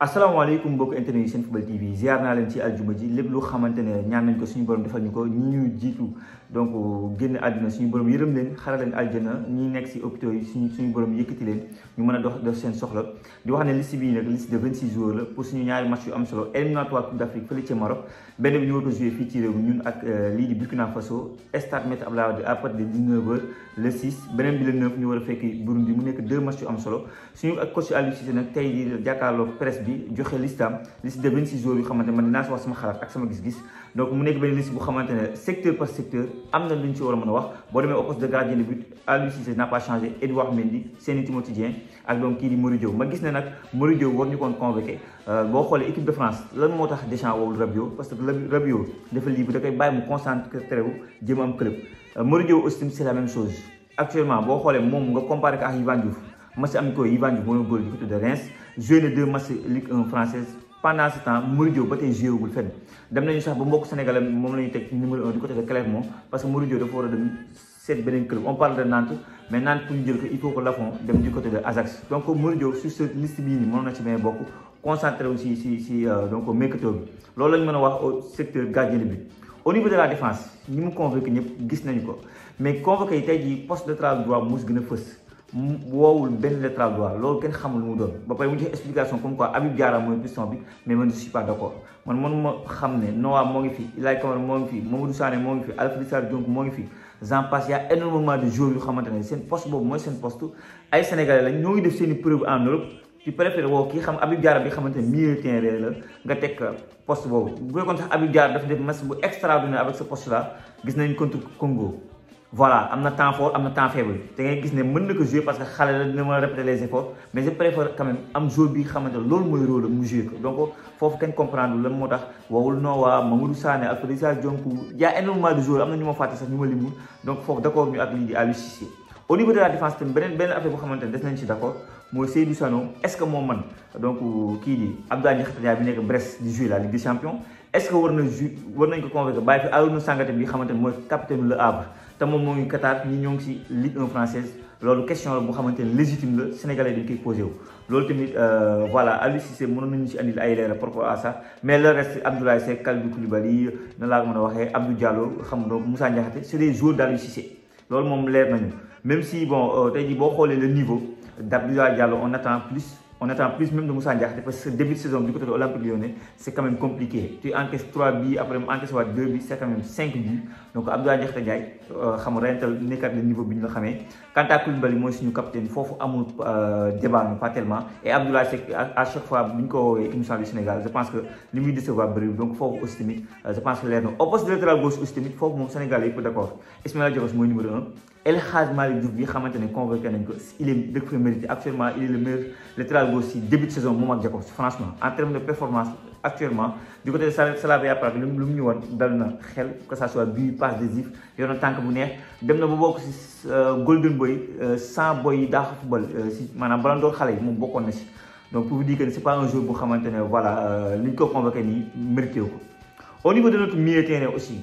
asalaamaaleykum mbokk internet yi football TV ziar na len ci aljuma ji lépp lu xamantene ñaan nañ ko suñu borom defal ñuko ñi ñu jitu donc génn aduna suñu borom yeeram len xara len aljana ñi nekk ci hôpital yi suñu suñu borom yëkkati len ñu mëna dox do seen soxla di wax ne liste bi nak liste de 26 joueurs la pour suñu ñaari match yu am solo éliminatoire Coupe d'Afrique fële ci Maroc benn bi ñu war jouer fi ci réew ñun ak li di Burkina Faso stade met Abdoulaye Wade à partir de 19h le 6 benen bi le 9 ñu wara fekk Burundi mu nekk deux match yu am solo suñu ak coach Aliou Cissé nak tay di jakarlo presse di joxe listaam liste de 26 joueurs yu xamante man dinaa si wax sama xalaat ak sama gis-gis donc mu nekk benn liste bu xamante ne secteur par secteur am na lu ñu si war a mën a wax boo demee au poste de gardien de but Aliou Cissé n'a pas changé Edouard Mendy Seny Timothy ak donc kii di Mory Diaw ma gis ne nag Mory Diaw war ñu kon convoqué euh, boo xoolee équipe de France lan moo tax Deschamps woowul Rabiot parce que Rabiot dafa libre da koy bàyyi mu concentré wu jëm am club euh, Mory Diaw aussi c'est la même chose actuellement boo xoolee moom nga comparé ko ak Yvan Diouf ma si am koy Yvan Diouf moo góol di ko tudde Reims joué les deux matchs Ligue 1 française pendant ce temps Mourinho ba tey joué wul fenn dem nañu sax ba mbokk Sénégal moom la ñuy numéro 1 du côté de Clermont parce que Mourinho dafa war a dem seet beneen club on parle de Nantes mais Nantes pour dire jël il faut que Lafond dem du côté de Ajax donc Mourinho sur cette liste bii nii mënoon na ci may bokk concentré aussi si si si donc mercato bi loolu lañ mën a wax au secteur gardien de but au niveau de la défense ñi mu convoqué ñëpp gis nañu ko mais convoqué yi tey jii poste de travail droit moo si gën woowul ben lettre droit loolu kenn xamul mu doon ba pare mu jox explication comme quoi Habib Diarra moy piston bi mais man je suis pas d'accord man mënuma xam ne Noah mo ngi fi ilay Kamara mo ngi fi Mamadou Sané mo ngi fi Alfred Sarr Diop moo ngi fi j'en passe y' a énormément de joueurs yu xamante sen poste bobu moy sen poste ay sénégalais lañ ñoy def seen preuve en Europe tu préfères wo ki xam Habib Diarra bi xamante ne milieu terrain la nga tek poste bobu bu fekkoon sax Habib Diarra dafa def match bu extraordinaire avec ce poste là gis nañ contre Congo voilà am na temps fort am na temps faible da ngay gis ne mën na ko jouer parce que xale la dina mën a répéter les efforts mais je préfère quand même am joueur bi xamante ne loolu mooy rôle mu jouer ko donc foofu kenn comprendre lan moo tax wawul Noah Mamadou Sané ak Alfred Jonku y a énormément de joueurs am na ñu ma fàtte sax ñu ma limul donc foofu d' accord ñu ak lii di Aliou Cissé au niveau de la défense tamit beneen beneen affaire boo xamante ne des nañ ci d' accord mooy Seydou Sano est ce que moo man donc kii di Abdoulaye Diakhaté bi nekk Brest di jouer la Ligue des Champions est ce que war na ju war nañ ko convoquer bàyyi fi Arouna Sangante bi xamante ne mooy capitaine Le Havre te moom moo ngi Qatar ñi ñoo ngi si Ligue 1 française loolu question la boo xamante ne légitime la sénégalais dañ koy posé wu. loolu tamit euh, voilà Aliou Cissé mënoon nañu si andil ay leer par rapport à ça mais le reste Abdoulaye Seck Kalidou Koulibaly na laa ko mën a waxee Abdou Diallo xam nga Moussa Ndiakhate c' est des joueurs d' Aliou Cissé loolu moom leer nañu même si bon euh, tey jii boo xoolee le niveau d' Abdoulaye Diallo on attend plus. On attend plus même de Moussa Ndiaye parce que début de saison du côté de l'Olympique Lyonnais, c'est quand même compliqué. Tu encaisses 3 buts, après encaisses 2 buts, c'est quand même 5 buts. Donc Abdoulaye Ndiaye Ndiaye, euh, xam rental nekkat le niveau bi ñu la xamé. Quant à Koulibaly moy suñu capitaine fofu de euh, débat pas tellement et Abdou Seck à chaque fois buñ ko wowe équipe du Sénégal, je pense que de muy décevoir bëri donc fofu aussi tamit euh, je pense que l'air non. Au poste de latéral gauche aussi tamit fofu mom Sénégal yépp d'accord. Ismaël Diop moy numéro 1. El Hadj Malick Diouf bi xamantene convoqué nañ ko il est dëgg fa mérité actuellement il est le meilleur latéral gauche si début de saison moom ak Jacob franchement en termes de performance actuellement du côté de Salavia Prague lu mu ñu won dal na xel que ça soit but passe décisif yor na tànk bu neex dem na ba bokk si euh, Golden Boy euh, sans boy yi daax football euh, si maanaam bala doon xale yi moom bokkoon na si donc pour vous dire que c'est pas un joueur bu xamante ne voilà li ko convoqué nii mérité ko au niveau de notre milieu terrain aussi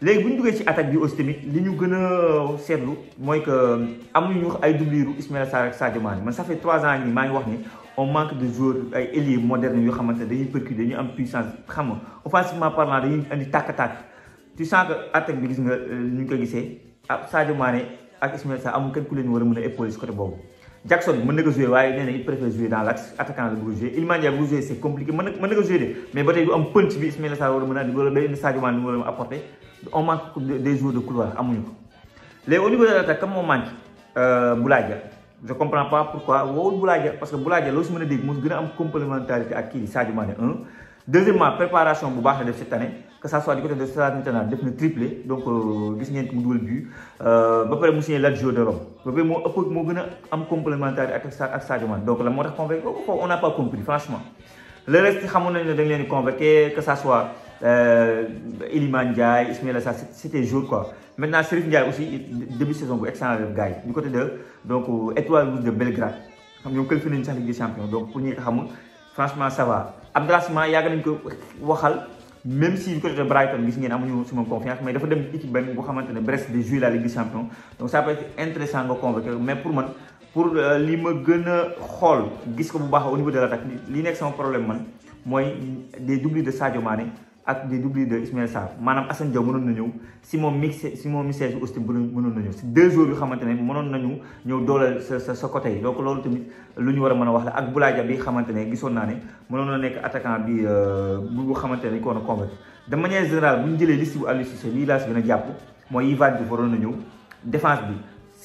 léegi bu ñu duggee ci attaque bi aussi tamit li ñu gën a seetlu mooy que euh, amuñu ay doubliru Ismaïla ak Sadio Mané man ça fait trois ans nii maa ngi wax ni on manque de joueurs ay ailiers ne dañuy percuter dañuy am puissance xam nga offensivement gis euh, ah, a mën na ko jouer waaye nee il préfère jouer dans l'axe attaquant la bëgg jouer Iliman Ndiaye bu jouer c'est compliqué mën na mën na ko jouer de mais ba tey du am punch bi Ismaïla war a mën a andi wala day indi Sadio Mané mu war a apporter on manque des jours de couloir amuñu Les au niveau de l'attaque kam manque euh, Dia je comprends pas pourquoi woowul Boulaye parce que Boulaye Dia loo si mën a dégg moo a am complémentarité ak kii Sadio Mané un deuxièmement préparation bu de cette année que ça soit du côté de Salernitana def na triplé donc euh, gis a mu dugal but euh, ba pare mu signé Il de Rome ba pare moo ëpp moo gën a am complémentarité ak ak Sadio Mane. donc la moo tax on n'a pas compris franchement le reste xamoon nañ ne dañ pas di que ça soit Iliman euh, Ndiaye Ismail Assar c'était jour quoi maintenant Serif Ndiaye aussi début de saison bu excellent avec gars du côté de donc euh, Étoile Rouge de Belgrade xam ñoom qualifié nañu sax Ligue des Champions donc pour ñi nga xamul franchement ça va Abdelassima yàgg nañu ko waxal même si du côté de Brighton gis ngeen amuñu sama confiance mais dafa dem équipe benn boo xamante Brest de jouer la Ligue des Champions donc ça peut être intéressant de convaincre mais pour moi, pour euh, li ma gën a xool ko bu baax au niveau de l'attaque li nekk sama problème man mooy des doublures de Sadio Mané ak di doublé de Ismaël Sarr maanaam Assane Diaw mënoon na ñëw Simon Mixe Simon Michel bi aussi mënoon na ñëw si deux jours yu xamante ne mënoon nañu ñëw dooleel sa sa sa côté yi donc loolu tamit lu ñu war a mën a wax la ak Boulaye Dia bi xamante ne gisoon naa ne mënoon na nekk attaquant bi euh, bu xamante ne dañ ko war a convaincre de manière générale bu ñu jëlee liste bu Aliou Cissé lii laa si gën a jàpp mooy Yvan Diouf waroon na ñëw défense bi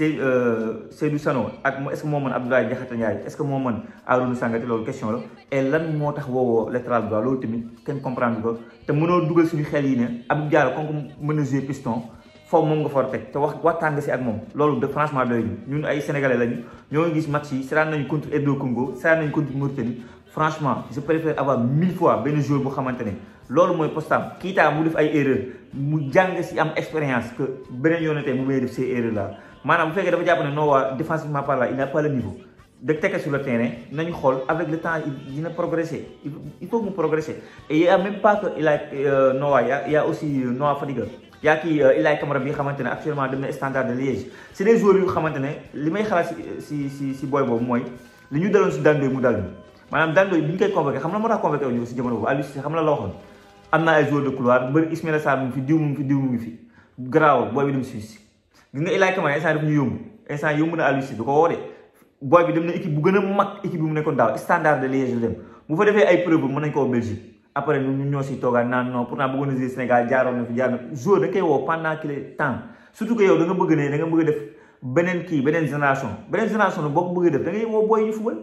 Euh, Seydou Sano ak est ce que moo mën Abdoulaye Diakhate Ndiaye est ce que moo mën Arouna Sangate loolu question la et lan moo tax woowoo latéral droit loolu tamit kenn comprendre ko te mënoo dugal suñu xel yi ne Abdou Diallo comme mën a jouer piston foofu moom nga fa teg te wax waxtaan nga si ak moom loolu de franchement doy ñu ñun ay sénégalais lañu ñoo gis match yi seetaan nañu contre RD Congo seetaan nañu contre Mauritanie franchement je préfère ne loolu mooy postam Keita mu def ay erreur mu jàng am expérience beneen yoon tey mu may def maanaam bu fekkee dafa jàpp ne non waa défensivement parlant il n'a pas le niveau de tekki sur le terrain nañu xool avec le temps il dina progresser il faut mu progresser et y a même pas que euh, il a Noah y a y a aussi euh, Noah Fadiga y a kii euh, Ilaay Camara bi nga xamante ne actuellement dem na Standard de Liège c'est des joueurs yu xamante ne li may xalaat si si si si booy boobu mooy li ñu daloon si dandooy mu dal maanaam dandooy bi ñu koy convoqué xam na ma tax convoqué wuñu ko si jamono boobu Aliou Cissé xam na la waxoon am na gis nga Ilaah Camara instant daf ñu yomb instant yomb na Aliou Cissé ko woo de boy bi dem na équipe bu gën mag équipe bi mu nekkoon daaw Standard de Liège dem bu fa defee ay temps surtout que yow da bëgg ne da nga bëgg def beneen kii beneen génération beneen génération boo ko bëgg def da ngay booy ñu fubal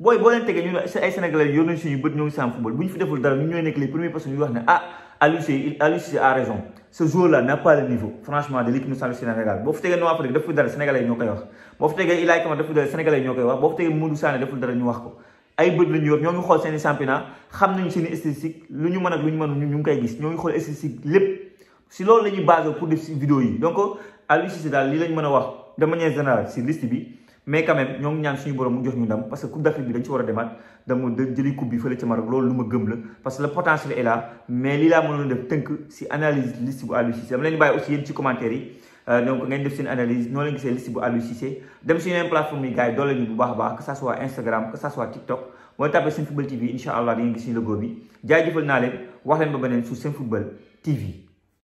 booy boo leen tegee ñu ay Sénégalais yor nañ suñu bët ñoo ngi sàmm bu ñu fi deful dara ñu ñooy nekk les premières personnes yu wax ne ah Aliou a raison ce jour là n'a pas le niveau franchement de l'équipe nationale du Sénégal Si vous tegee Noah Fadiga sénégalais wax vous vous sénégalais wax ay ñu yor ñoo vous championnat xam statistique lu ñu mën lu ñu mën ñu ngi koy gis ñoo statistique lépp si loolu la ñuy pour def vidéo donc daal lii lañ mën a wax de manière générale si liste mais quand même ñoo ngi ñaan suñu borom mu jox ñu ndam parce que coupe d'Afrique bi dañ ci war a demaat dama jëli coupe bi fële ca Maroc loolu lu ma gëm la parce que le potentiel mais lii laa mënoon def tënk si analyse liste bu Aliou dama leen euh, baax a baax que ça Instagram que ça soit TikTok wala tapé seen football TV incha allah di gis suñu logo bi jaajëfal naa leen wax leen ba beneen su seen football TV